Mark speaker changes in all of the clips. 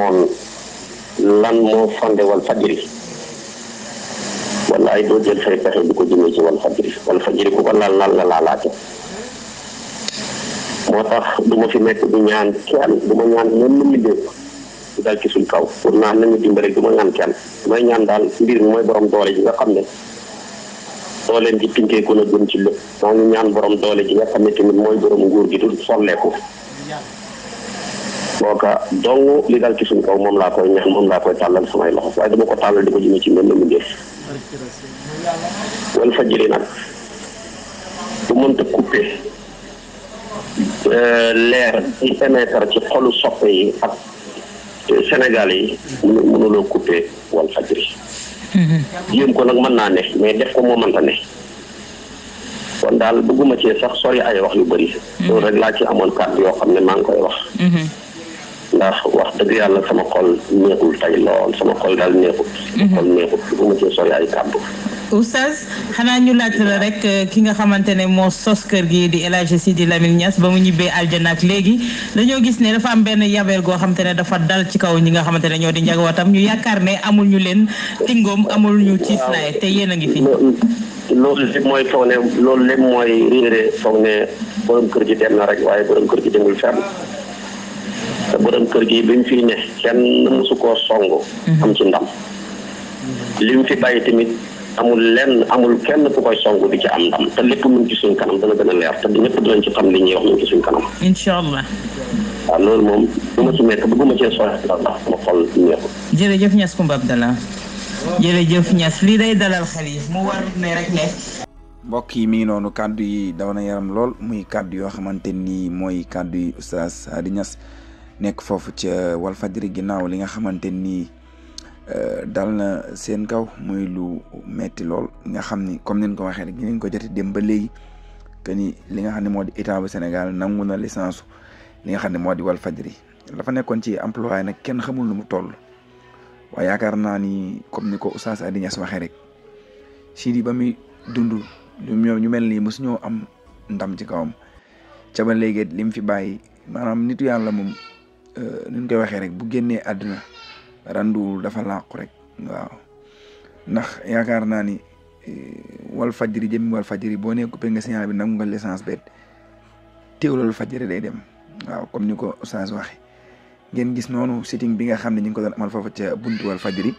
Speaker 1: xamoon lan moo fondé wal fajiri wallaay doo jël say pexe di ko jëmee ci wal fajiri wal fajiri ku ko laal la laalaate moo tax du ma fi nekk du ñaan kenn du ma ñaan ñoom lu ñu dal ci suñ kaw pour naan nañu dimbali rek du ma ñaan kenn may ñaan daal mbir mooy borom doole ji nga xam ne dooleen di pinkee ko na gën ci lépp moo ñaan borom doole ji nga xam ne tamit mooy borom nguur gi du solleeku kooka dong li dal ci suñu kaw moom laa koy ñaan moom laa koy tàllal samay loxo waaye dama ko tàllal di ko jëme ci mel na mu def wal fajiri nag bu mënta coupé leer di euh, émettre ci xolu soppe yi ak Sénégal yi mënu mënuloo coupé wal fajiri
Speaker 2: jéem
Speaker 1: mm-hmm. ko nag mën naa ne mais def ko moo mënta ne kon daal bëgguma cee sax sori ay wax yu bëri mm-hmm. loolu rek laa ci amoon kàddu yoo xam ne maa ngi koy wax mm-hmm. ndax wax dëgg yàlla sama xol neexul tey lool sama xol daal neexul. sama mhm. xol neexul lu ma cee sori ay xanaa ñu laaj rek euh, ki nga xamante ne moo sos kër gi di El Hadji Sidi Lamine Niass ba mu ñibbee aljana ak léegi dañoo gis ne dafa am benn yabeel goo xamante ne dafa dal ci kaw ñi nga xamante ne ñoo di njagwatam ñu yaakaar ne amul ñu leen tingoom amul ñu ciislaay te yéen a ngi fi. loolu lépp mooy foog ne loolu lépp mooy réere foog ne borom kër gi dem na rek waaye kër gi demul fenn. te borom kër gi bi mu fiy ne kenn mësu koo songu am ci ndam li fi bàyyi tamit amul lenn amul kenn ku koy songu di ci am ndam te lépp mu ngi ci suñ kanam dana gën a leer te ñëpp dinañ ci xam li ñuy wax mu ngi ci suñ kanam incha allah waaw loolu moom bu ma ci nekk bëgguma
Speaker 2: cee sooy ndax sama xol ñëpp
Speaker 1: jërëjëf Niass Koumba Abdallah jërëjëf Niass lii day dalal xel yi mu war ne
Speaker 2: mbokk yi mi noonu kàddu yi daw na yaram lool muy kàddu yoo xamante ni mooy kàddu yi oustaz Hady nekk foofu ca Walfadjri ginnaaw li nga xamante ni euh, dal na seen kaw muy lu metti lool nga xam ni comme niñ ko waxee rek ñu ko jotee dem ba léegi que ni li nga xam ne moo di état bu Sénégal nangu na licence li nga xam ne moo di Walfadjri la fa nekkoon ci emploi na kenn xamul nu mu toll waaye yaakaar naa ni comme ni ko oustaz Hady Niass waxee rek Sidi ba muy dund ñoom ñu mel nii mosuñoo am ndam ci kawam ca ba léegi li mu fi bàyyi maanaam nitu yàlla moom euh, nu koy waxee rek bu génnee àdduna randuwul dafa làqu rek waaw ndax yaakaar naa ni euh, wal fajiri jëmmi wal fajiri boo nee coupé nga signal bi nangu nga licence bet teewloolu fajiri day dem waaw comme ni ko Oustaz waxe ngeen gis noonu sitting bi nga xam ne ñu ngi ko doon amal foofu ca buntu wal fajiri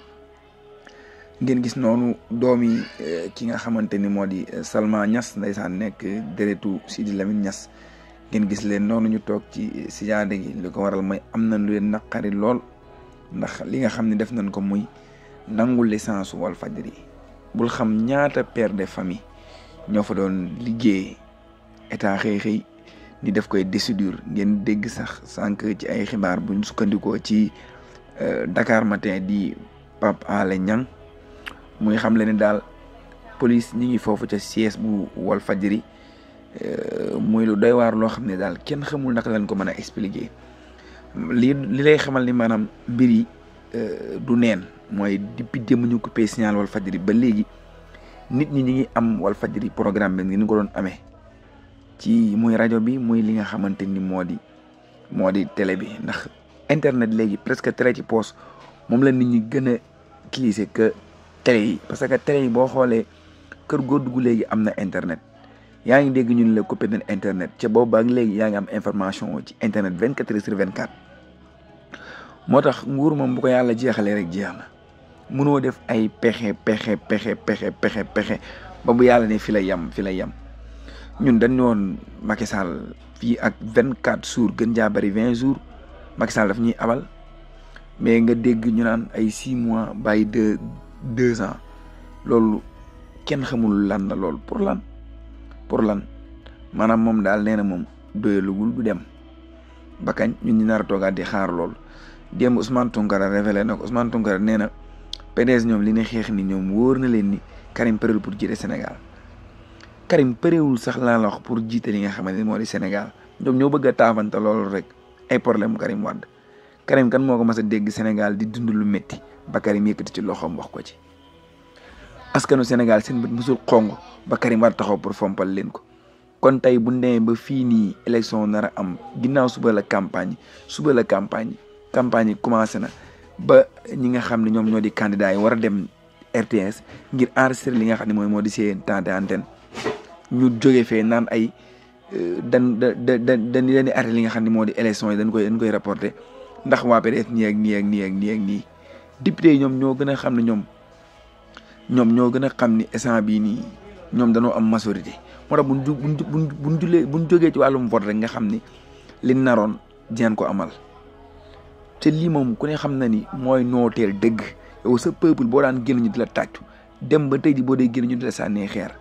Speaker 2: ngeen gis noonu doomi eh, ki nga xamante ni moo di eh, Salma Niass ndeysaan nekk déretu Sidi Lamine ñas ngeen gis leen noonu ñu toog ci eh, sijaade gi li ko waral mooy am na lu leen naqari lool ndax li nga xam ne def nañ ko muy nangu licence Walf Fadjri bul xam ñaata père de famille ñoo fa doon liggéey état xëy xëy ni def koy décidure ngeen dégg sax sànq ci ay xibaar buñ sukkandikoo ci Dakar Matin di Pape Alé Niang muy xam le ni daal police ñi ngi foofu ca siège bu Walfadjri euh, muy lu doy waar loo xam ne daal kenn xamul naka lañ ko mën a expliquer lii li lay xamal ni maanaam mbir yi euh, du neen mooy depuis démb ñu coupé signal Walfadjri ba léegi nit ñi ñu ngi am Walfadjri programme bi ni ñu ko doon amee ci mooy rajo bi muy li nga xamante ni moo di moo di télé bi ndax internet léegi presque télé ci poos moom la nit ñi gën a cliquer télé yi parce que télé boo xoolee kër goo dugg léegi am na internet yaa ngi dégg ñu ne la coupé nañ internet ca boobu ak léegi yaa ngi am information ci internet 24 heures sur 24 moo tax nguur moom bu ko yàlla jeexalee rek jeex na mënoo def ay pexe pexe pexe pexe pexe pexe ba yàlla ne fi la yem fi la yem ñun dañ woon Macky fii ak 24 jours gën jaa bari 20 jours Macky Sall daf ñuy abal mais nga dégg ñu naan ay 6 mois bàyyi 2. deux ans loolu kenn xamul lan la loolu pour lan pour lan maanaam moom daal nee na moom doyalugul du dem ba kañ ñun ñu nar a toogaat di xaar loolu démb Ousmane Tounkara révélé na ko Ousmane Tounkara nee na PDS ñoom li ne xeex ni ñoom wóor na leen ni Karim parewul pour jiite Sénégal Karim parewul sax laa la wax pour jiite li nga xamante ni moo di Sénégal ñoom ñoo bëgg a taafante loolu rek ay problème Karim Wade Karim kan moo ko mas a dégg Sénégal di dund lu métti ba Karim yëkkati ci loxoom wax ko ci askanu Sénégal seen bët musul xong ba Karim war taxaw pour fompal leen ko kon tey bu demee ba fii nii élection nar a am ginnaaw suba la campagne suba la campagne campagne yi commencé na ba ñi nga xam ne ñoom ñoo di candidats yi war a dem RTS ngir enregistrer li nga xam ne mooy moo di seen temps antenne ñu jóge fee naan ay euh, dan da da dañuy arrêté li nga xam ne moo di élection yi dañ koy dañ koy rapporté. ndax waa PDS nii ak nii ak nii ak nii ak nii yi ñoom ñoo gën a xam ne ñoom ñoom ñoo gën a xam ni instant bii nii ñoom dañoo am majorité moo tax buñ ju bu buñ buñ julee buñ jógee ci wàllum vote rek nga xam ni li naroon dinañ ko amal te lii moom ku ne xam na ni mooy nooteel dëgg yow boo daan génn ñu di la tàccu dem ba tey ji boo dee génn ñu di la sànnee xeer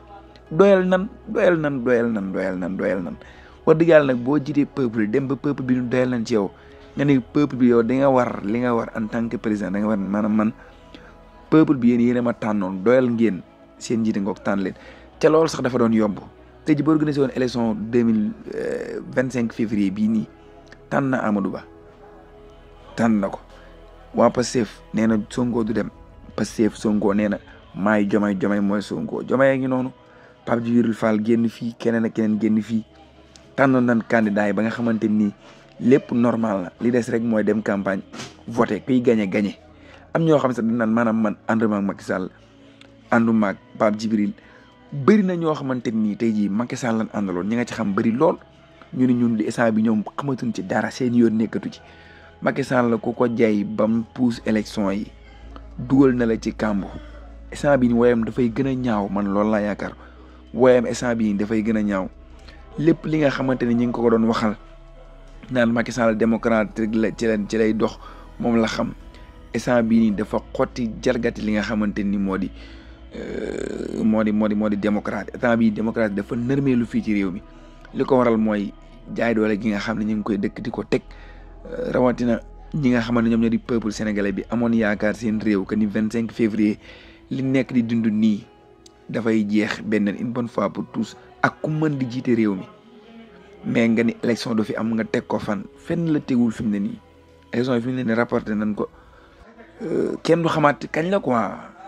Speaker 2: doyal nan doyal nan doyal nan doyal nan doyal nan wax dëgg yàlla nag boo jiitee peuple dem ba peuple bi ñu doyal nan ci yow nga ne peuple bi yow di nga war li nga war en tant que président da nga war maanaam man peuple bi yéen yéen a ma tànnoon doyal ngeen seen njiite ngoog tànn leen ca loolu sax dafa doon yomb te ji ba organisé woon élection deux mille euh, vingt cinq février bii nii tànn na Amadou Ba tànn na ko waa Pastef nee na Sonko du dem Pastef Sonko nee na maay Jomay Jomay mooy Sonko Jomay a ngi noonu Pape Djibril Fall génn fii keneen ak keneen génn fii tànnoon nan candidat yi ba nga xamante ni. lépp normal la li des rek mooy dem campagne voté kuy gagné gagné am ñoo xam sax dañ naan maanaam man ànduma ak Macky Sall ànduma ak Pape Djibril bëri na ñoo xamante nii tey jii Macky Sall lan àndaloon ñi nga ci xam bëri lool ñu ne ñun li instant bi ñoom xamatuñ ci dara seen yoon nekkatu ci Macky Sall ku ko jaay bam puus élection yi dugal na la ci kambo instant bi ni woyam dafay gën a ñaaw man loolu laa yaakaar woyam instant bi dafay gën a ñaaw lépp li nga xamante ne ñi ngi ko ko doon waxal naan Macky Sall démocrate la ci leen dox moom la xam instant bi nii dafa xotti jargati li nga xamante ni moo di euh, moo di moo di moo di démocrate instant bii démocrate dafa nërmeelu fii ci réew mi li ko waral mooy jaay doole gi nga xam ne ñu ngi koy dëkk di ko teg euh, rawatina ñi nga xamante ñoom ñoo di peuple sénégalais bi amoon yaakaar seen réew que ni vingt cinq février li nekk di dund nii dafay jeex benn une bonne fois pour tous ak ku mën di jiite réew mi. mais nga ni élection du fi am nga teg ko fan fenn la tegul fi mu ne nii élection yi fi ne nii rapporté nañ ko euh, kenn du xamaat kañ la koi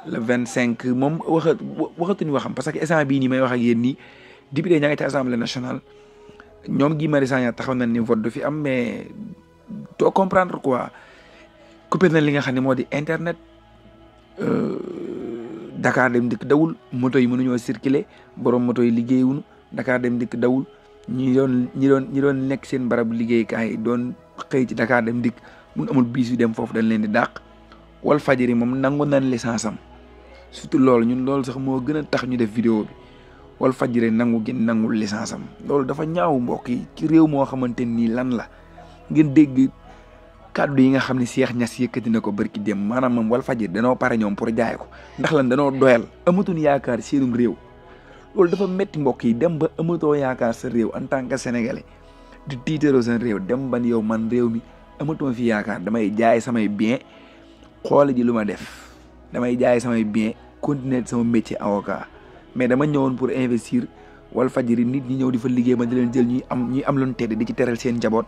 Speaker 2: le vingt cinq moom waxa waxam parce que instant bii nii may wax ak yéen nii député ñaa ngi ci national ñoom Guy Marius Sagna taxaw nañ ni vote du fi am mais doo comprendre quoi coupé nañ li nga xam ne moo di internet euh, Dakar dem dikk dawul moto yi mënuñoo circuler borom moto yi liggéeyuñu Dakar dem dikk dawul ñi doon ñi doon ñi doon nekk seen barab liggéeykaay doon xëy ci dem dikk mun amul biis yu dem foofu dañ leen di dàq wal fajiri moom nangu nañ licence surtout loolu ñun loolu sax moo gën a tax ñu def vidéo wal fajiri nangu gi nangul licence loolu dafa ñaaw mbokk yi ci réew moo xamante nii lan la ngeen dégg kàddu yi nga xam ne Cheikh Niass yëkkati na ko barki dem maanaam moom wal fajiri danoo pare ñoom pour jaay ko ndax lan danoo doyal amatuñ yaakaar seenum réew loolu dafa métti mbokk yi dem ba amatoo yaakaar sa réew en tant que sénégalais di tiitaroo seen réew dem ban yow man réew mi amatuma fi yaakaar damay jaay samay bien xoole ji lu ma def damay jaay samay bien continuer sama métier avocat mais dama ñëwoon pour investir fajiri nit ñi ñëw di fa liggéey ma di leen jël ñuy am ñuy am loon tedd di ci teral seen njaboot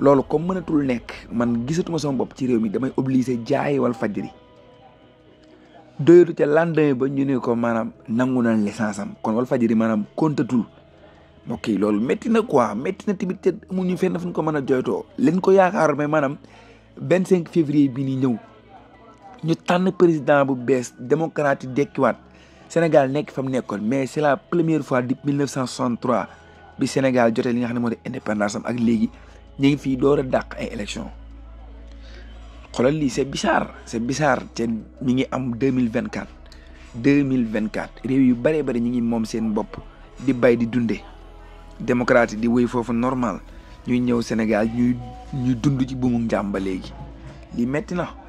Speaker 2: loolu comme mënatul nekk man gisatuma sama bopp ci réew mi damay obligé jaay Walfadjri doylu ca lendemain ba ñu ne ko maanaam nangu nañ licence am kon Walfadjri maanaam kontatul mbokk yi loolu métti na quoi métti na tamit te ñu fenn fu ñu ko mën a jooytoo leen ko yaakaar mais maanaam vingt cinq février bii nii ñëw ñu tànn président bu bees démocrate yi dekkiwaat Sénégal nekk fa mu nekkoon mais c'est la première fois depuis 1963 bi Sénégal jotee li nga xam ne moo di indépendance am ak léegi ñu ngi fii door a dàq ay élections. xoolal lii c'est bizarre c'est bizarre te ñu ngi am deux mille vingt quatre deux mille vingt quatre réew yu bëree bëri ñu ngi moom seen bopp di bay di dundee démocrate di wéy foofu normal ñuy ñëw Sénégal ñuy ñuy dund ci buumu njàmba léegi lii metti